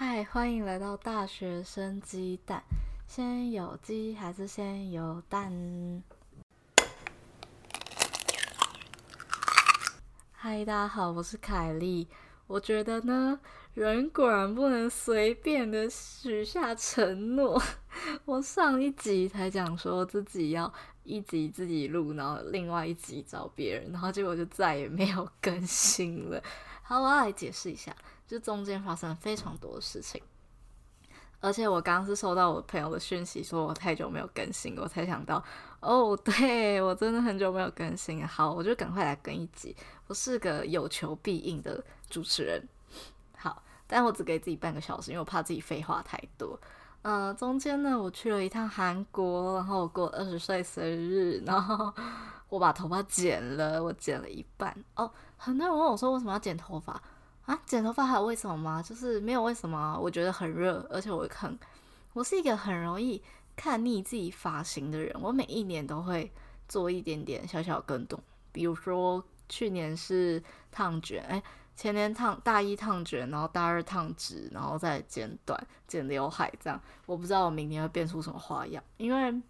嗨，Hi, 歡迎來到大學生雞蛋，先有雞還是先有蛋？嗨，大家好，我是凱莉。我覺得呢，人果然不能隨便的許下承諾。 我上一集才講說自己要一集自己錄，然後另外一集找別人，然後結果就再也沒有更新了。好，我要來解釋一下。就中間發生了非常多的事情，而且我剛剛是收到我朋友的訊息，說我太久沒有更新，我才想到，哦，對，我真的很久沒有更新，好，我就趕快來更一集，我是個有求必應的主持人，好，但我只給自己半個小時，因為我怕自己廢話太多。嗯、呃，中間呢，我去了一趟韓國，然後我過二十歲生日，然後我把頭髮剪了，我剪了一半。哦，很多人問我說，為什麼要剪頭髮？啊，剪頭髮還有為什麼嗎？就是沒有為什麼，啊，我覺得很熱，而且我很，我是一個很容易看膩自己髮型的人。我每一年都會做一點點小小更動，比如說去年是燙捲，哎，前年燙大一燙捲，然後大二燙直，然後再剪短，剪劉海這樣。我不知道我明年會變出什麼花樣，因為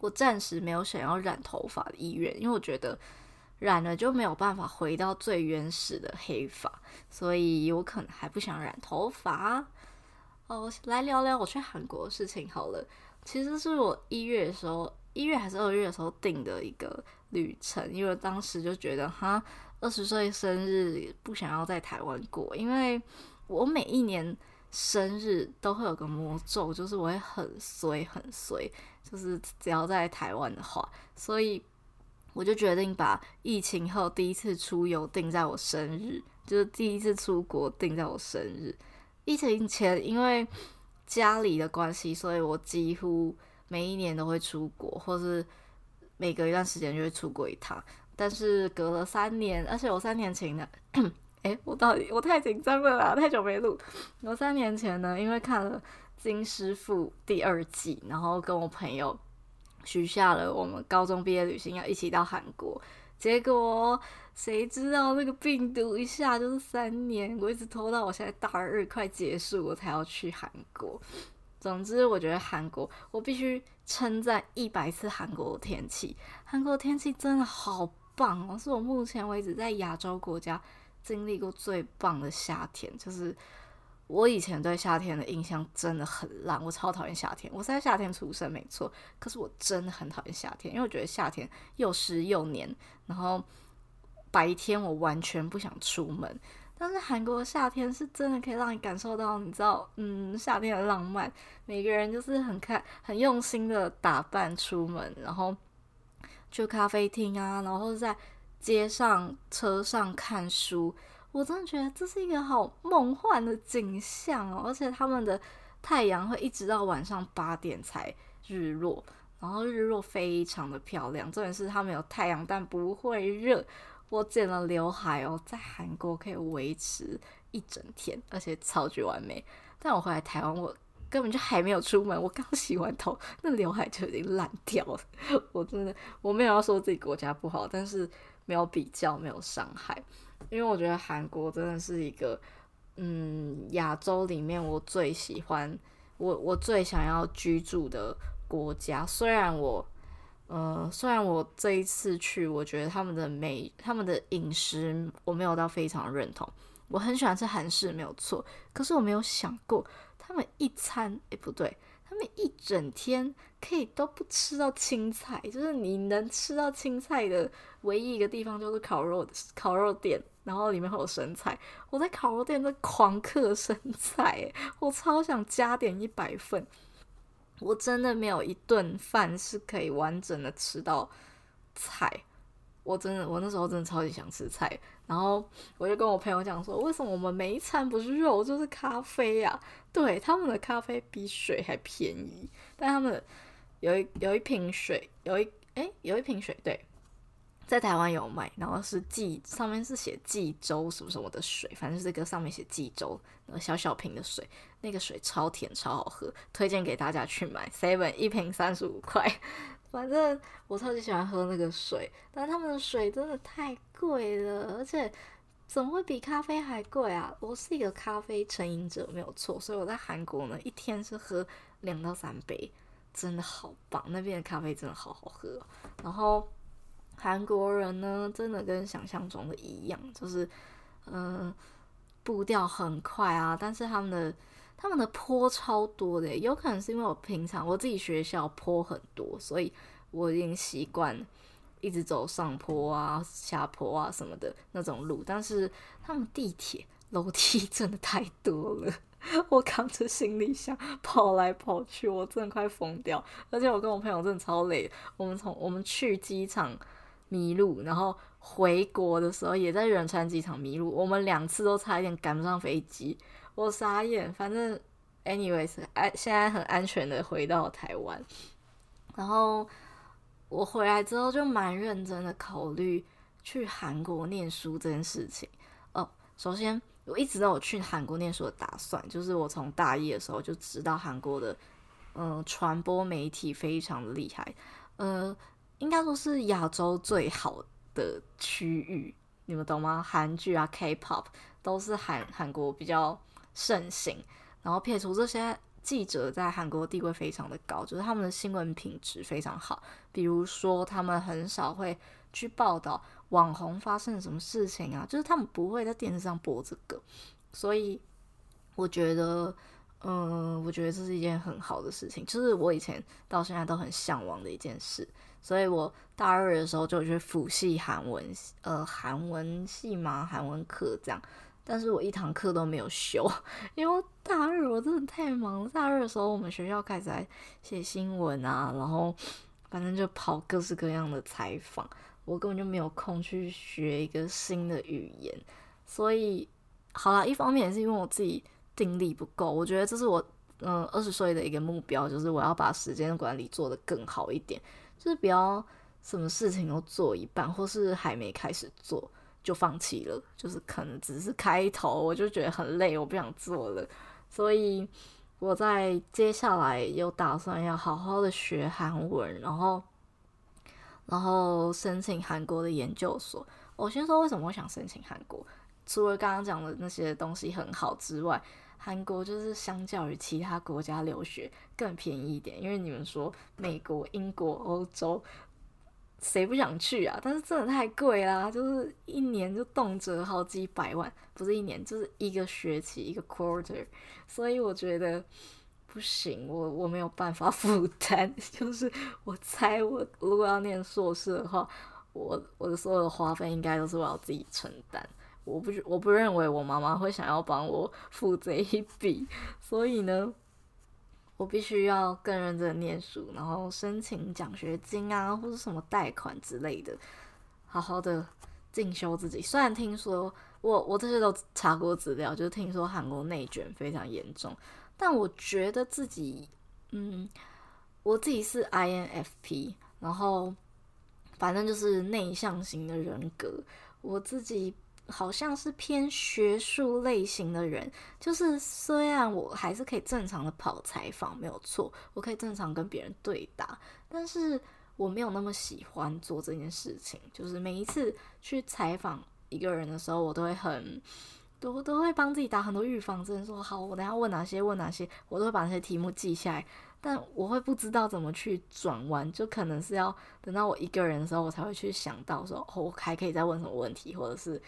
我暫時沒有想要染頭髮的意願，因為我覺得。染了就沒有辦法回到最原始的黑髮，所以我可能還不想染頭髮啊。哦，來聊聊我去韓國的事情好了。其實是我一月的時候，一月還是二月的時候定的一個旅程，因為我當時就覺得哈，二十歲生日不想要在台灣過，因為我每一年生日都會有個魔咒，就是我會很衰很衰，就是只要在台灣的話，所以。我就決定把疫情後第一次出遊定在我生日，就是第一次出國定在我生日。疫情前因為家裡的關係，所以我幾乎每一年都會出國，或是每隔一段時間就會出國一趟。但是隔了三年，而且我三年前呢，哎，我到底我太緊張了啦，太久沒錄。我三年前呢，因為看了《金師傅》第二季，然後跟我朋友。許下了我們高中畢業旅行要一起到韓國，結果誰知道那個病毒一下就是三年，我一直拖到我現在大二快結束我才要去韓國。總之，我覺得韓國我必須稱讚一百次韓國的天氣，韓國的天氣真的好棒我、哦、是我目前為止在亞洲國家經歷過最棒的夏天，就是。我以前對夏天的印象真的很爛，我超討厭夏天。我是在夏天出生，沒錯，可是我真的很討厭夏天，因為我覺得夏天又濕又黏，然後白天我完全不想出門。但是韓國的夏天是真的可以讓你感受到，你知道，嗯，夏天的浪漫。每個人就是很看很用心的打扮出門，然後去咖啡廳啊，然後在街上、車上看書。我真的覺得這是一個好夢幻的景象哦，而且他們的太陽會一直到晚上八點才日落，然後日落非常的漂亮。重點是他們有太陽但不會熱。我剪了劉海哦，在韓國可以維持一整天，而且超級完美。但我回來台灣，我根本就還沒有出門，我剛洗完頭，那劉海就已經爛掉了。我真的我沒有要說自己國家不好，但是。沒有比較，沒有傷害，因為我覺得韓國真的是一個，嗯，亞洲裡面我最喜歡，我我最想要居住的國家。雖然我，嗯、呃，雖然我這一次去，我覺得他們的美，他們的飲食我沒有到非常認同。我很喜歡吃韓式，沒有錯，可是我沒有想過他們一餐，哎，不對。他們一整天可以都不吃到青菜，就是你能吃到青菜的唯一一個地方就是烤肉烤肉店，然後裡面會有生菜。我在烤肉店都狂嗑生菜，我超想加點一百份。我真的沒有一頓飯是可以完整的吃到菜。我真的，我那時候真的超級想吃菜，然後我就跟我朋友講說，為什麼我們每一餐不是肉就是咖啡啊？對，他們的咖啡比水還便宜，但他們有一有一瓶水，有一誒、欸，有一瓶水，對，在台灣有賣，然後是濟，上面是寫濟州什麼什麼的水，反正這個上面寫濟州，然後小小瓶的水，那個水超甜超好喝，推薦給大家去買，seven 一瓶三十五塊。反正我超級喜歡喝那個水，但他們的水真的太貴了，而且怎麼會比咖啡還貴啊？我是一個咖啡成癮者，沒有錯，所以我在韓國呢，一天是喝兩到三杯，真的好棒，那邊的咖啡真的好好喝啊。然後韓國人呢，真的跟想象中的一樣，就是嗯，呃，步調很快啊，但是他們的。他們的坡超多的耶，有可能是因為我平常我自己學校坡很多，所以我已經習慣一直走上坡啊、下坡啊什麼的那種路。但是他們地鐵樓梯真的太多了，我扛着行李箱跑來跑去，我真的快瘋掉。而且我跟我朋友真的超累的，我們從我們去機場迷路，然後回國的時候也在仁川機場迷路，我們兩次都差一點趕不上飛機。我傻眼，反正，anyways，誒現在很安全的回到台灣，然後我回來之後就蠻認真的考慮去韓國念書這件事情。哦，首先我一直都有去韓國念書的打算，就是我從大一的時候就知道韓國的，嗯、呃，傳播媒體非常的厲害，呃，應該說是亞洲最好的區域，你們懂嗎？韓劇啊，K-pop 都是韓韓國比較。盛行，然後撇除這些記者在韓國地位非常的高，就是他們的新聞品質非常好。比如說，他們很少會去報道網紅發生什麼事情啊，就是他們不會在電視上播這個。所以，我覺得，嗯、呃，我覺得這是一件很好的事情，就是我以前到現在都很嚮往的一件事。所以我大二的時候就去輔系韓文，呃，韓文系嘛，韓文課這樣。但是我一堂課都沒有修，因為大二我真的太忙了。大二的時候，我們學校開始寫新聞啊，然後反正就跑各式各樣的採訪，我根本就沒有空去學一個新的語言。所以，好啦，一方面也是因為我自己定力不夠，我覺得這是我嗯二十歲的一個目標，就是我要把時間管理做得更好一點，就是不要什麼事情都做一半，或是還沒開始做。就放棄了，就是可能只是開頭，我就覺得很累，我不想做了。所以我在接下來有打算要好好的學韓文，然後，然後申請韓國的研究所。我、哦、先說為什麼我想申請韓國，除了剛剛講的那些東西很好之外，韓國就是相較於其他國家留學更便宜一點，因為你們說美國、英國、歐洲。誰不想去啊？但是真的太貴啦，就是一年就動輒好幾百萬，不是一年，就是一個學期一個 quarter，所以我覺得不行，我我沒有辦法負擔。就是我猜，我如果要念碩士的話，我我的所有的花費應該都是我要自己承擔。我不我不認為我媽媽會想要幫我付這一筆，所以呢。我必須要更認真念書，然後申請獎學金啊，或者什麼貸款之類的，好好的進修自己。雖然聽說我我這些都查過資料，就是聽說韓國內捲非常嚴重，但我覺得自己，嗯，我自己是 INFP，然後反正就是內向型的人格，我自己。好像是偏學術類型的人，就是雖然我還是可以正常的跑採訪，沒有錯，我可以正常跟別人對答，但是我沒有那麼喜歡做這件事情。就是每一次去採訪一個人的時候我，我都會很都都會幫自己打很多預防針，說好我等下問哪些問哪些，我都會把那些題目記下來，但我會不知道怎麼去轉彎，就可能是要等到我一個人的時候，我才會去想到說哦，我還可以再問什麼問題，或者是。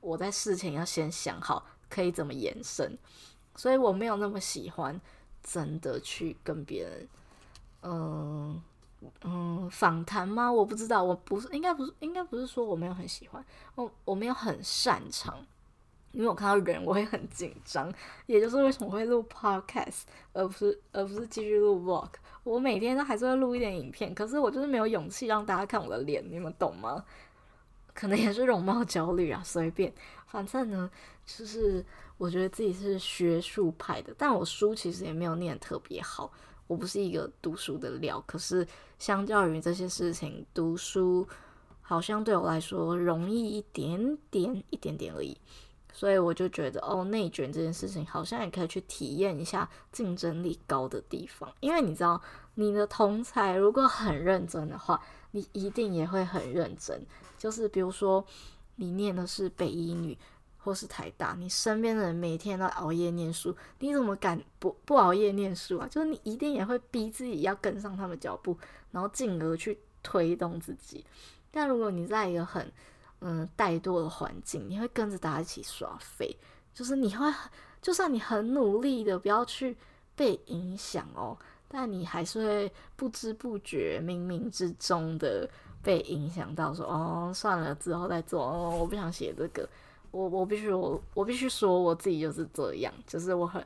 我在事前要先想好，可以怎麼延伸，所以我沒有那麼喜歡真的去跟別人，呃、嗯嗯，訪談嗎？我不知道，我不是應該不是應該不是說我沒有很喜歡，我我沒有很擅長，因為我看到人我會很緊張，也就是為什麼會錄 podcast 而不是而不是繼續錄 vlog。我每天都還是會錄一點影片，可是我就是沒有勇氣讓大家看我的臉，你們懂嗎？可能也是容貌焦慮啊，隨便。反正呢，就是我覺得自己是學術派的，但我書其實也沒有念得特別好，我不是一個讀書的料。可是相較於這些事情，讀書好像對我來說容易一點點，一點點而已。所以我就覺得，哦，內捲這件事情好像也可以去體驗一下競爭力高的地方，因為你知道，你的同儕如果很認真的話，你一定也會很認真。就是比如說，你念的是北一女，或是台大，你身邊的人每天都熬夜念書，你怎麼敢不不熬夜念書啊？就是你一定也會逼自己要跟上他們的腳步，然後進而去推動自己。但如果你在一個很嗯、呃、怠惰的環境，你會跟着大家一起耍廢。就是你會，就算你很努力的不要去被影響哦，但你還是會不知不覺、冥冥之中的。被影響到說，說哦算了，之後再做哦，我不想寫這個。我我必須我我必須說，我自己就是這樣，就是我很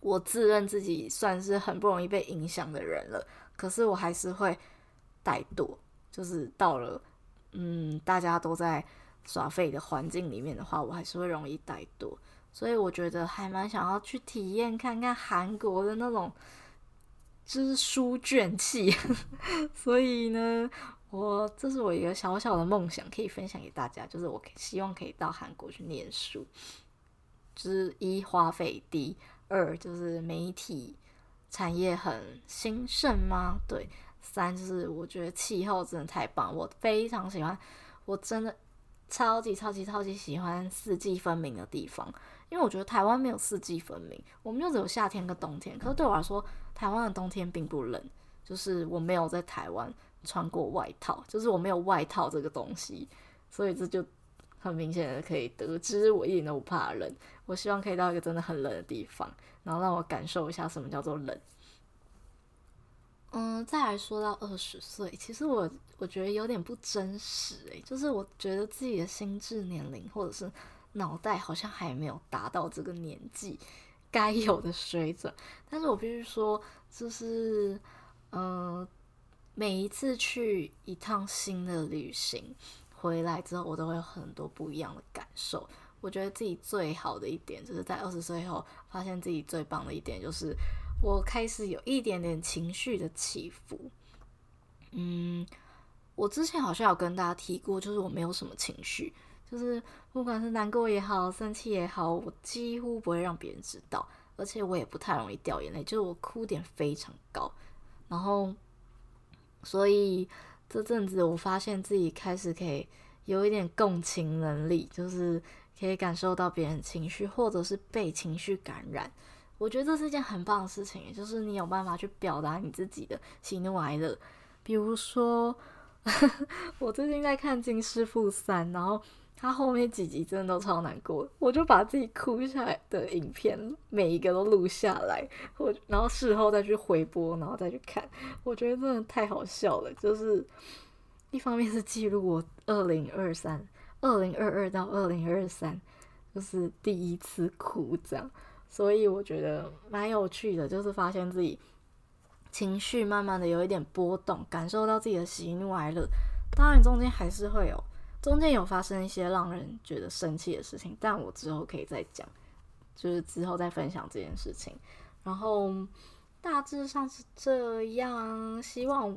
我自認自己算是很不容易被影響的人了，可是我還是會怠惰。就是到了嗯，大家都在耍廢的環境裡面的話，我還是會容易怠惰。所以我覺得還蠻想要去體驗看看韓國的那種知、就是、書卷氣。 所以呢。我這是我一個小小的夢想，可以分享給大家。就是我希望可以到韓國去念書，就是、一，花費低，二就是媒體產業很興盛嗎？對，三就是我覺得氣候真的太棒，我非常喜歡，我真的超級超級超級喜歡四季分明的地方，因為我覺得台灣沒有四季分明，我們就只有夏天跟冬天。可是對我來說，台灣的冬天並不冷，就是我沒有在台灣。穿過外套，就是我沒有外套這個東西，所以這就很明顯的可以得知，我一點都不怕冷。我希望可以到一個真的很冷的地方，然後讓我感受一下什麼叫做冷。嗯，再來說到二十歲，其實我我覺得有點不真實誒、欸，就是我覺得自己的心智年齡或者是腦袋好像還沒有達到這個年紀該有的水準，但是我必須說，就是嗯。每一次去一趟新的旅行回來之後，我都會有很多不一樣的感受。我覺得自己最好的一點，就是在二十歲後發現自己最棒的一點，就是我開始有一點點情緒的起伏。嗯，我之前好像有跟大家提過，就是我沒有什麼情緒，就是不管是難過也好，生氣也好，我幾乎不會讓別人知道，而且我也不太容易掉眼淚，就是我哭點非常高。然後。所以這陣子我發現自己開始可以有一點共情能力，就是可以感受到別人情緒，或者是被情緒感染。我覺得這是一件很棒的事情，就是你有辦法去表達你自己的喜怒哀樂。比如說，呵呵我最近在看《金師傅三》，然後。他後面幾集真的都超難過，我就把自己哭下來的影片每一個都錄下來，我然後事後再去回播，然後再去看，我覺得真的太好笑了。就是一方面是記錄我二零二三、二零二二到二零二三，就是第一次哭這樣，所以我覺得蠻有趣的，就是發現自己情緒慢慢的有一點波動，感受到自己的喜怒哀樂，當然中間還是會有。中間有發生一些讓人覺得生氣的事情，但我之後可以再講，就是之後再分享這件事情。然後大致上是這樣，希望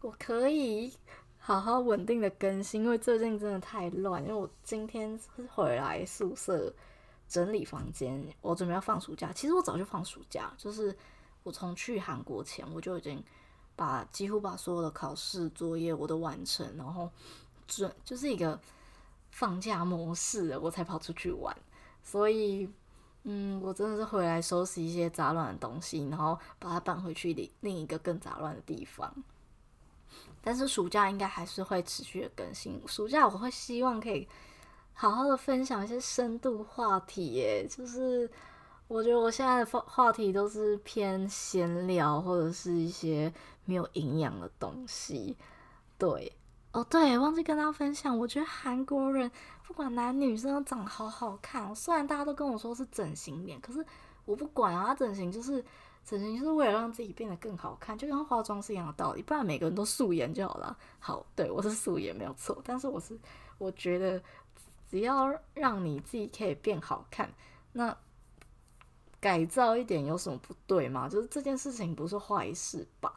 我可以好好穩定的更新，因為最近真的太亂。因為我今天是回來宿舍整理房間，我準備要放暑假。其實我早就放暑假，就是我從去韓國前，我就已經把幾乎把所有的考試作業我都完成，然後。準就是一個放假模式，我才跑出去玩。所以，嗯，我真的是回來收拾一些雜亂的東西，然後把它搬回去另另一個更雜亂的地方。但是暑假應該還是會持續的更新。暑假我會希望可以好好的分享一些深度話題。耶，就是我覺得我現在的話話題都是偏閒聊或者是一些沒有營養的東西。對。哦，oh, 對，忘記跟大家分享。我覺得韓國人不管男女生都長得好好看。雖然大家都跟我說是整形臉，可是我不管啊，他整形就是整形，就是為了讓自己變得更好看，就跟化妝是一樣的道理。不然每個人都素顏就好了。好，對，我是素顏沒有錯，但是我是我覺得只要讓你自己可以變好看，那改造一點有什麼不對嗎？就是這件事情不是壞事吧？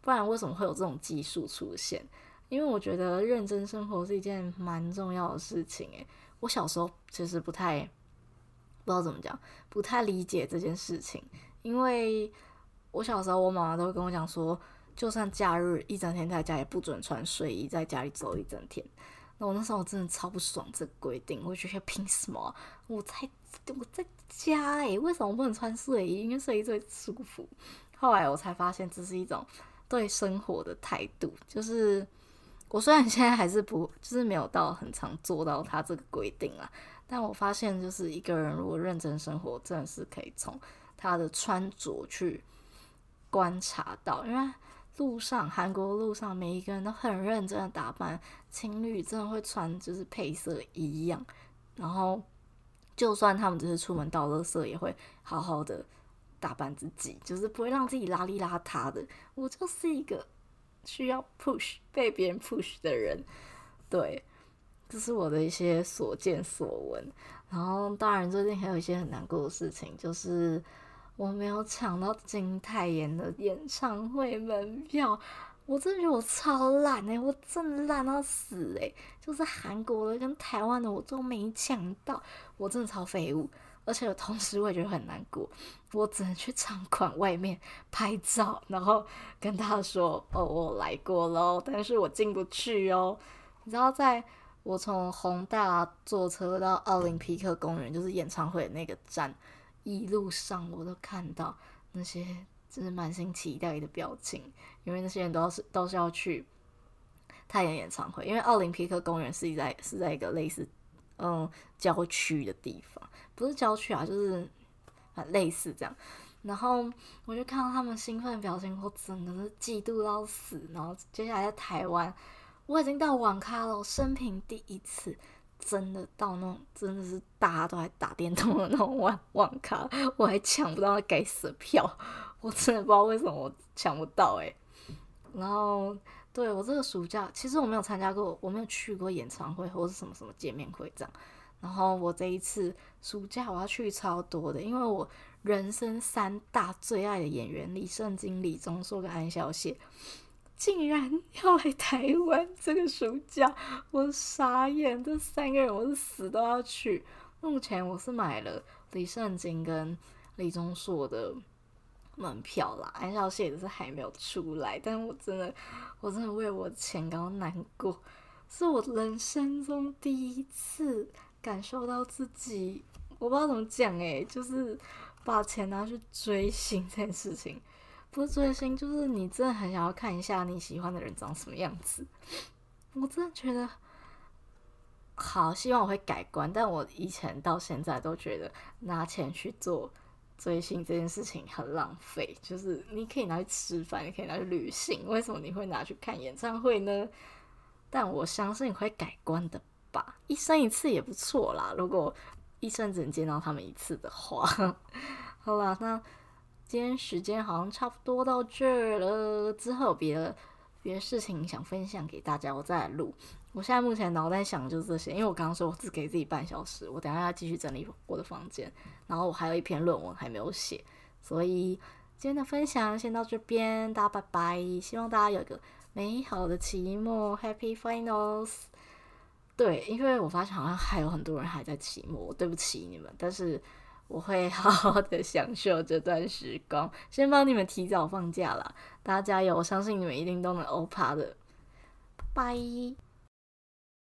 不然為什麼會有這種技術出現？因為我覺得認真生活是一件蠻重要的事情，誒，我小時候其實不太，不知道怎麼講，不太理解這件事情。因為我小時候，我媽媽都會跟我講說，就算假日一整天在家，也不准穿睡衣在家裡走一整天。那我那時候我真的超不爽這個規定，我覺得憑什麼啊？我在，我在家，誒，為什麼我不能穿睡衣？因為睡衣最舒服。後來我才發現，這是一種對生活的態度，就是。我雖然現在還是不，就是沒有到很常做到他這個規定啊，但我發現就是一個人如果認真生活，真的是可以從他的穿着去觀察到。因為路上韓國路上每一個人都很認真的打扮，情侶真的會穿就是配色一樣，然後就算他們只是出門倒垃圾，也會好好的打扮自己，就是不會讓自己邋裡邋遢的。我就是一個。需要 push 被別人 push 的人，對，這是我的一些所見所聞。然後，當然最近還有一些很難過的事情，就是我沒有搶到金泰妍的演唱會門票。我真的，覺得我超懶誒、欸，我真懶到死誒、欸，就是韓國的跟台灣的，我都沒搶到，我真的超廢物。而且我同時我也覺得很難過，我只能去場館外面拍照，然後跟他說：“哦，我來過咯，但是我進不去哦。”你知道，在我從弘大坐車到奧林匹克公園，就是演唱會的那個站，一路上我都看到那些真是滿心期待的表情，因為那些人都是都是要去太陽演，演唱會，因為奧林匹克公園是在是在一個類似。嗯，郊區的地方，不是郊區啊，就是很、呃、類似這樣。然後我就看到他們興奮表情，我真的是嫉妒到死。然後接下來在台灣，我已經到網咖了，生平第一次真的到那種真的是大家都在打電動的那種網網咖，我還搶不到該死的票，我真的不知道為什麼我搶不到誒、欸，然後。對我這個暑假，其實我沒有參加過，我沒有去過演唱會或者是什麼什麼見面會這樣。然後我這一次暑假我要去超多的，因為我人生三大最愛的演員李聖經、李鍾碩跟安孝燮，竟然要來台灣這個暑假，我傻眼！這三個人我是死都要去。目前我是買了李聖經跟李鍾碩的門票啦，安小謝只是還沒有出來，但我真的，我真的為我錢感到難過，是我人生中第一次感受到自己，我不知道怎麼講誒、欸，就是把錢拿去追星這件事情，不是追星，就是你真的很想要看一下你喜歡的人長什麼樣子，我真的覺得，好希望我會改觀，但我以前到現在都覺得拿錢去做。追星這件事情很浪費，就是你可以拿去吃飯，你可以拿去旅行，為什麼你會拿去看演唱會呢？但我相信會改觀的吧，一生一次也不錯啦。如果一生只能見到他們一次的話，好啦，那今天時間好像差不多到這了，之後別的別的事情想分享給大家，我再來錄。我現在目前腦袋想的就是這些，因為我剛剛說我只給自己半小時，我等下要繼續整理我的房間，然後我還有一篇論文還沒有寫，所以今天的分享先到這邊，大家拜拜！希望大家有一個美好的期末 ，Happy Finals！對，因為我發現好像還有很多人還在期末，我對不起你們，但是我會好好的享受這段時光，先幫你們提早放假啦，大家加油！我相信你們一定都能歐趴的，拜拜。